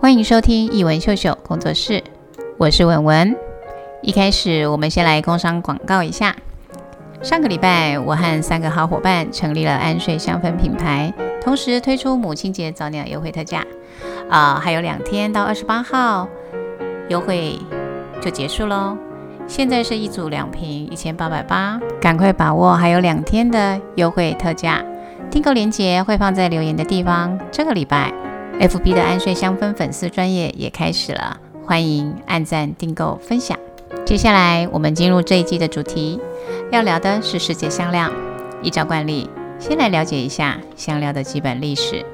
歡迎收聽譯文秀秀工作室，我是文文。一開始，我們先來工商廣告一下。上個禮拜，我和三個好夥伴成立了安睡香氛品牌，同時推出母親節早鳥優惠特價。啊、呃，還有兩天到二十八號，優惠就結束嘍。現在是一組兩瓶一千八百八，趕快把握還有兩天的優惠特價。訂購鏈接會放在留言的地方。這個禮拜。F B 的安睡香氛粉絲專業也開始了，歡迎按贊、訂購、分享。接下來，我們進入這一季的主題，要聊的是世界香料。依照慣例，先來了解一下香料的基本歷史。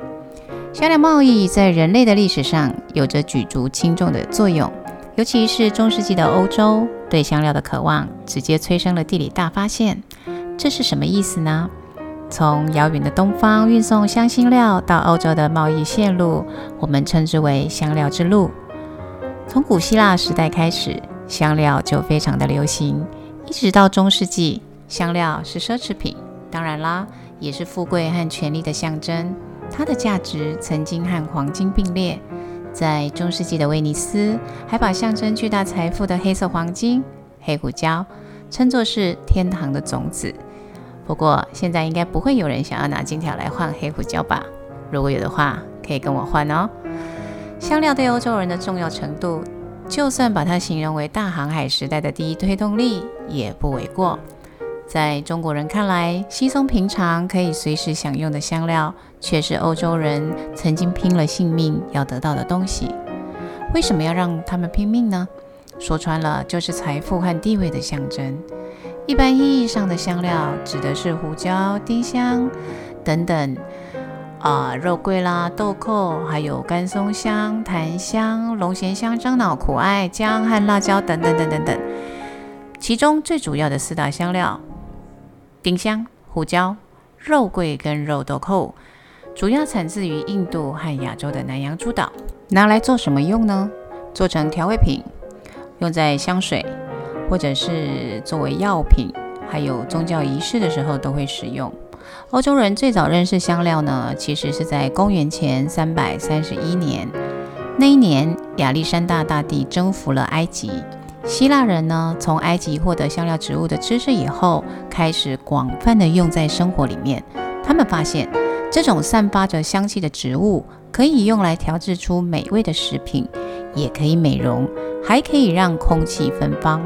香料貿易在人類的歷史上有着舉足輕重的作用，尤其是中世紀的歐洲對香料的渴望，直接催生了地理大發現。這是什麼意思呢？從遙遠的東方運送香辛料到歐洲的貿易線路，我們稱之為香料之路。從古希臘時代開始，香料就非常的流行，一直到中世紀，香料是奢侈品，當然啦，也是富貴和權力的象徵。它的價值曾經和黃金並列，在中世紀的威尼斯，還把象徵巨大財富的黑色黃金、黑胡椒稱作是天堂的種子。不過現在應該不會有人想要拿金條來換黑胡椒吧？如果有的話，可以跟我換哦。香料對歐洲人的重要程度，就算把它形容為大航海時代的第一推動力，也不為過。在中國人看來，稀鬆平常可以隨時享用的香料，卻是歐洲人曾經拼了性命要得到的東西。為什麼要讓他們拼命呢？說穿了，就是財富和地位的象徵。一般意義上的香料指的是胡椒、丁香等等，啊、呃，肉桂啦、豆蔻，還有甘松香、檀香、龍涎香、樟腦、苦艾、薑和辣椒等等等等等。其中最主要的四大香料：丁香、胡椒、肉桂跟肉豆蔻，主要產自於印度和亞洲的南洋諸島。拿來做什麼用呢？做成調味品，用在香水。或者是作為藥品，還有宗教儀式的時候都會使用。歐洲人最早認識香料呢，其實是在公元前三百三十一年。那一年，亞歷山大大帝征服了埃及。希臘人呢，從埃及獲得香料植物的知識以後，開始廣泛地用在生活裡面。他們發現，這種散發着香氣的植物，可以用來調製出美味的食品，也可以美容，還可以讓空氣芬芳。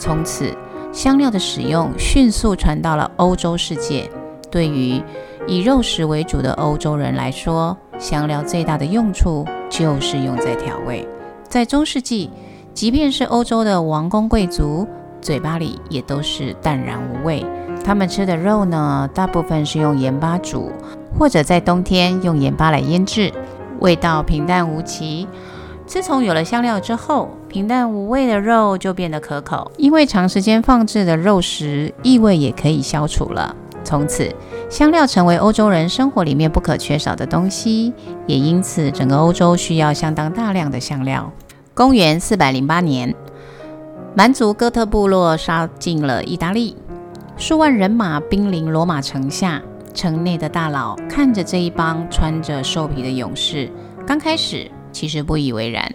從此，香料的使用迅速傳到了歐洲世界。對於以肉食為主的歐洲人來說，香料最大的用處就是用在調味。在中世紀，即便是歐洲的王公貴族，嘴巴裡也都是淡然無味。他們吃的肉呢，大部分是用鹽巴煮，或者在冬天用鹽巴來醃製，味道平淡無奇。自從有了香料之後，平淡無味的肉就變得可口。因為長時間放置的肉食異味也可以消除了。從此，香料成為歐洲人生活裡面不可缺少的東西，也因此，整個歐洲需要相當大量的香料。公元四百零八年，蠻族哥特部落殺進了意大利，數萬人馬兵臨羅馬城下。城內的大佬看着這一幫穿着獸皮的勇士，剛開始，其實不以為然，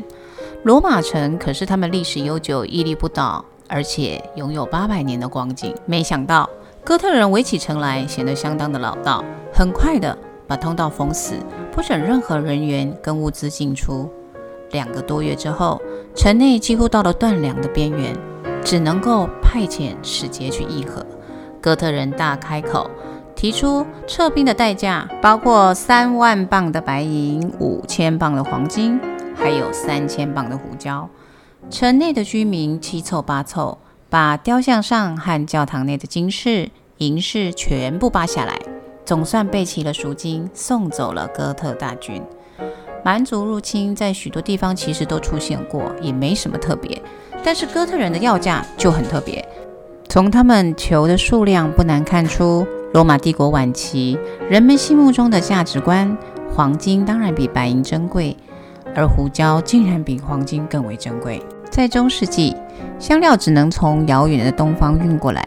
羅馬城可是他們歷史悠久，屹立不倒，而且擁有八百年的光景。沒想到哥特人圍起城來，顯得相當的老道，很快的把通道封死，不准任何人員跟物資進出。兩個多月之後，城內幾乎到了斷糧的邊緣，只能夠派遣使節去議和。哥特人大開口。提出撤兵的代價包括三萬磅的白銀、五千磅的黃金，還有三千磅的胡椒。城內的居民七湊八湊，把雕像上和教堂內的金飾、銀飾全部扒下來，總算備齊了贖金，送走了哥特大軍。蠻族入侵在許多地方其實都出現過，也沒什麼特別。但是哥特人的要價就很特別，從他們求的數量不難看出，羅馬帝國晚期，人們心目中的價值觀，黃金當然比白銀珍貴，而胡椒竟然比黃金更為珍貴。在中世紀，香料只能從遙遠的東方運過來，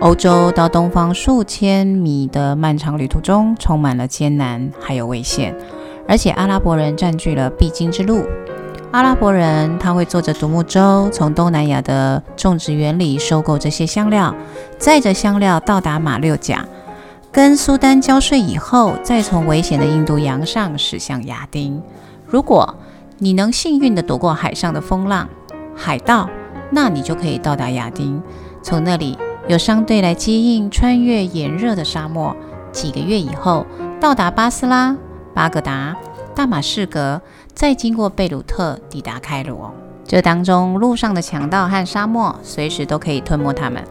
歐洲到東方數千米的漫長旅途中，充滿了艱難還有危險，而且阿拉伯人佔據了必經之路。阿拉伯人他會坐着獨木舟從東南亞的種植園裡收購這些香料，載着香料到達馬六甲，跟蘇丹交稅以後，再從危險的印度洋上駛向亞丁。如果你能幸運地躲過海上的風浪、海盜，那你就可以到達亞丁。從那裡有商隊來接應，穿越炎熱的沙漠，幾個月以後到達巴斯拉、巴格達。大馬士革，再經過貝魯特，抵達開羅。這當中路上的強盜和沙漠，隨時都可以吞沒他們。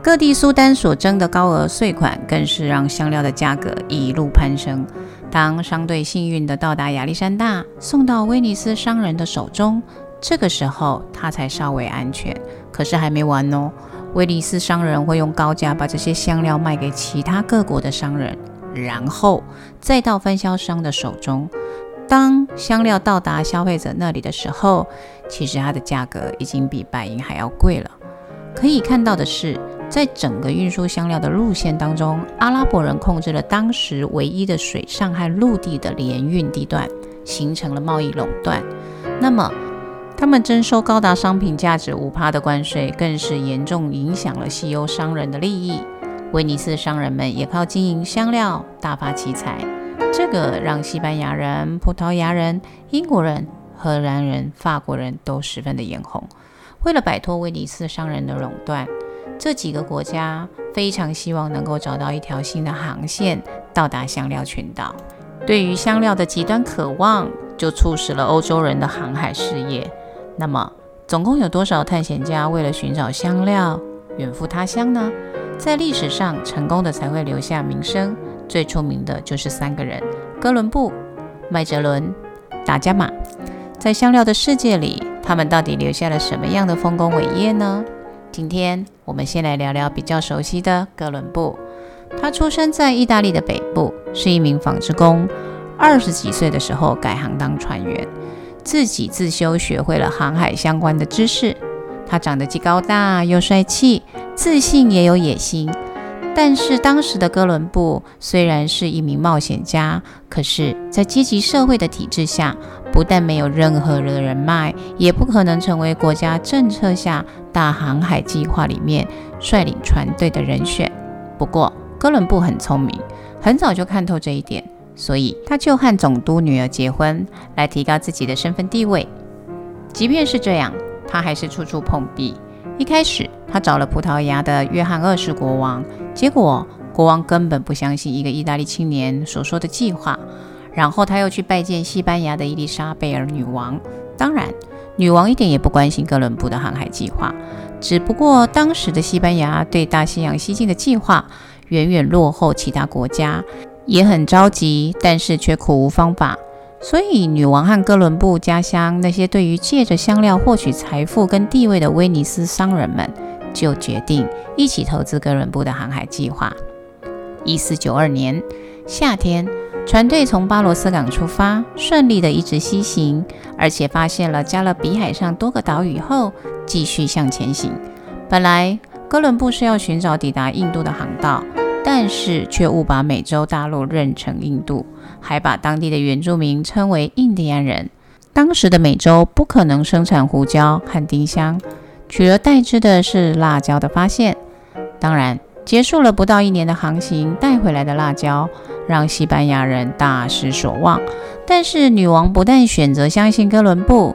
各地蘇丹所徵的高額稅款，更是讓香料的價格一路攀升。當商隊幸運地到達亞歷山大，送到威尼斯商人的手中，這個時候他才稍微安全。可是還沒完哦，威尼斯商人會用高價把這些香料賣給其他各國的商人。然後再到分銷商的手中。當香料到達消費者那裡的時候，其實它的價格已經比白銀還要貴了。可以看到的是，在整個運輸香料的路線當中，阿拉伯人控制了當時唯一的水上和陸地的聯運地段，形成了貿易壟斷。那麼，他們徵收高達商品價值五趴的關稅，更是嚴重影響了西歐商人的利益。威尼斯商人們也靠經營香料大發其財，這個讓西班牙人、葡萄牙人、英國人、荷蘭人、法國人都十分的眼紅。為了擺脫威尼斯商人的壟斷，這幾個國家非常希望能夠找到一條新的航線到達香料群島。對於香料的極端渴望，就促使了歐洲人的航海事業。那麼，總共有多少探險家為了尋找香料遠赴他鄉呢？在歷史上成功的才會留下名聲，最出名的就是三個人：哥倫布、麥哲倫、達伽馬。在香料的世界裡，他們到底留下了什麼樣的豐功偉業呢？今天我們先來聊聊比較熟悉的哥倫布。他出生在意大利的北部，是一名紡織工。二十幾歲的時候改行當船員，自己自修學會了航海相關的知識。他長得既高大又帥氣。自信也有野心，但是當時的哥倫布雖然是一名冒險家，可是，在階級社會的體制下，不但沒有任何的人脈，也不可能成為國家政策下大航海計劃裡面率領船隊的人選。不過，哥倫布很聰明，很早就看透這一點，所以他就和總督女兒結婚，來提高自己的身份地位。即便是這樣，他還是處處碰壁。一開始，他找了葡萄牙的約翰二世國王，結果國王根本不相信一個意大利青年所說的計劃。然後他又去拜見西班牙的伊麗莎貝爾女王，當然，女王一點也不關心哥倫布的航海計劃。只不過當時的西班牙對大西洋西進的計劃遠遠落後其他國家，也很着急，但是卻苦無方法。所以，女王和哥倫布家鄉那些對於借着香料獲取財富跟地位的威尼斯商人們，就決定一起投資哥倫布的航海計劃。一四九二年夏天，船隊從巴羅斯港出發，順利地一直西行，而且發現了加勒比海上多個島嶼後，繼續向前行。本來，哥倫布是要尋找抵達印度的航道。但是卻誤把美洲大陸認成印度，還把當地的原住民稱為印第安人。當時的美洲不可能生產胡椒和丁香，取而代之的是辣椒的發現。當然，結束了不到一年的航行，帶回來的辣椒讓西班牙人大失所望。但是女王不但選擇相信哥倫布，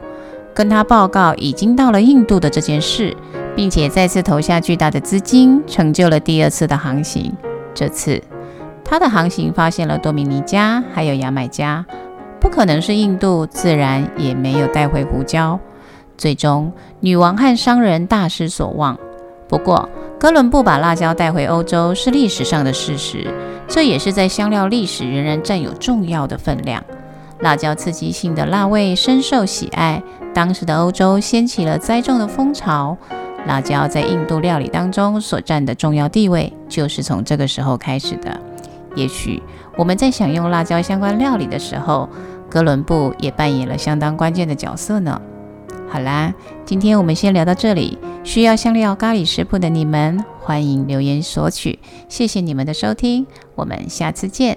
跟他報告已經到了印度的這件事，並且再次投下巨大的資金，成就了第二次的航行。這次，他的航行發現了多米尼加還有牙買加，不可能是印度，自然也沒有帶回胡椒。最終，女王和商人大失所望。不過，哥倫布把辣椒帶回歐洲是歷史上的事實，這也是在香料歷史仍然佔有重要的分量。辣椒刺激性的辣味深受喜愛，當時的歐洲掀起了栽種的風潮。辣椒在印度料理當中所佔的重要地位，就是從這個時候開始的。也許我們在享用辣椒相關料理的時候，哥倫布也扮演了相當關鍵的角色呢。好啦，今天我們先聊到這裡。需要香料咖喱食譜的你們，歡迎留言索取。謝謝你們的收聽，我們下次見。